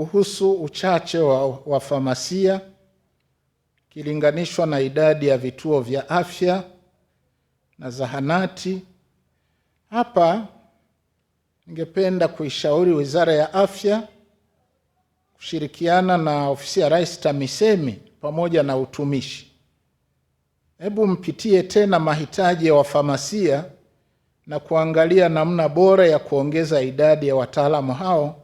kuhusu uchache wa wafamasia kilinganishwa na idadi ya vituo vya afya na zahanati. Hapa ningependa kuishauri Wizara ya Afya kushirikiana na Ofisi ya Rais TAMISEMI pamoja na utumishi, hebu mpitie tena mahitaji ya wafamasia na kuangalia namna bora ya kuongeza idadi ya wataalamu hao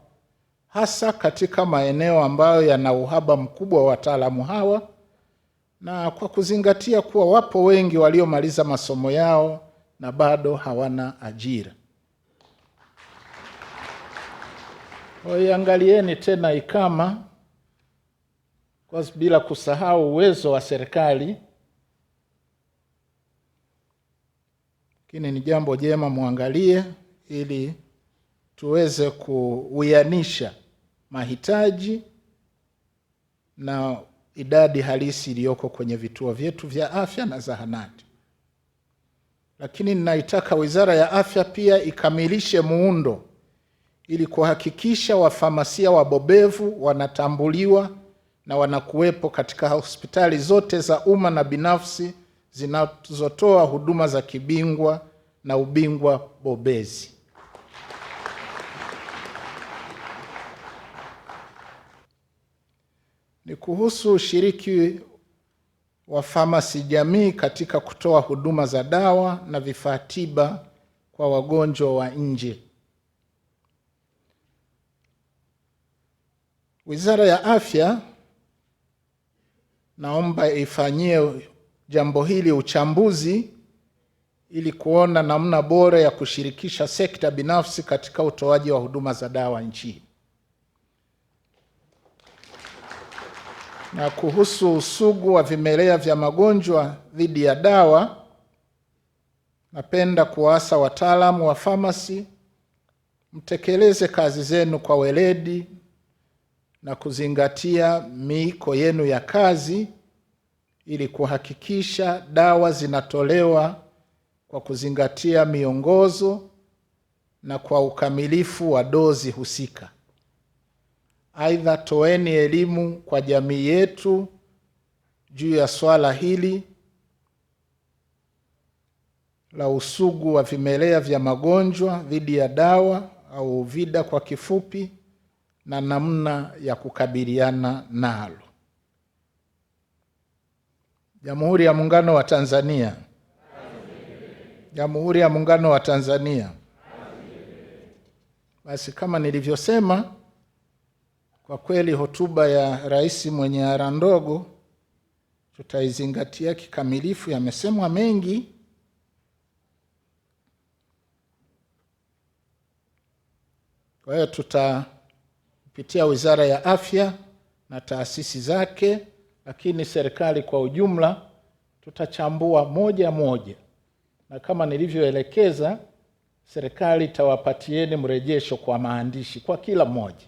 hasa katika maeneo ambayo yana uhaba mkubwa wa wataalamu hawa, na kwa kuzingatia kuwa wapo wengi waliomaliza masomo yao na bado hawana ajira. Waiangalieni tena IKAMA kwa bila kusahau uwezo wa serikali, lakini ni jambo jema mwangalie ili tuweze kuwianisha mahitaji na idadi halisi iliyoko kwenye vituo vyetu vya afya na zahanati. Lakini ninaitaka Wizara ya Afya pia ikamilishe muundo ili kuhakikisha wafamasia wabobevu wanatambuliwa na wanakuwepo katika hospitali zote za umma na binafsi zinazotoa huduma za kibingwa na ubingwa bobezi. ni kuhusu ushiriki wa famasi jamii katika kutoa huduma za dawa na vifaa tiba kwa wagonjwa wa nje. Wizara ya Afya naomba ifanyie jambo hili uchambuzi ili kuona namna bora ya kushirikisha sekta binafsi katika utoaji wa huduma za dawa nchini. na kuhusu usugu wa vimelea vya magonjwa dhidi ya dawa, napenda kuwaasa wataalamu wa famasi mtekeleze kazi zenu kwa weledi na kuzingatia miiko yenu ya kazi ili kuhakikisha dawa zinatolewa kwa kuzingatia miongozo na kwa ukamilifu wa dozi husika. Aidha, toeni elimu kwa jamii yetu juu ya swala hili la usugu wa vimelea vya magonjwa dhidi ya dawa au UVIDA kwa kifupi, na namna ya kukabiliana nalo. Jamhuri ya Muungano wa Tanzania. Jamhuri ya Muungano wa Tanzania. Basi kama nilivyosema kwa kweli hotuba ya rais mwenye ara ndogo tutaizingatia kikamilifu. Yamesemwa mengi, kwa hiyo tutapitia wizara ya afya na taasisi zake, lakini serikali kwa ujumla tutachambua moja moja, na kama nilivyoelekeza, serikali itawapatieni mrejesho kwa maandishi kwa kila mmoja.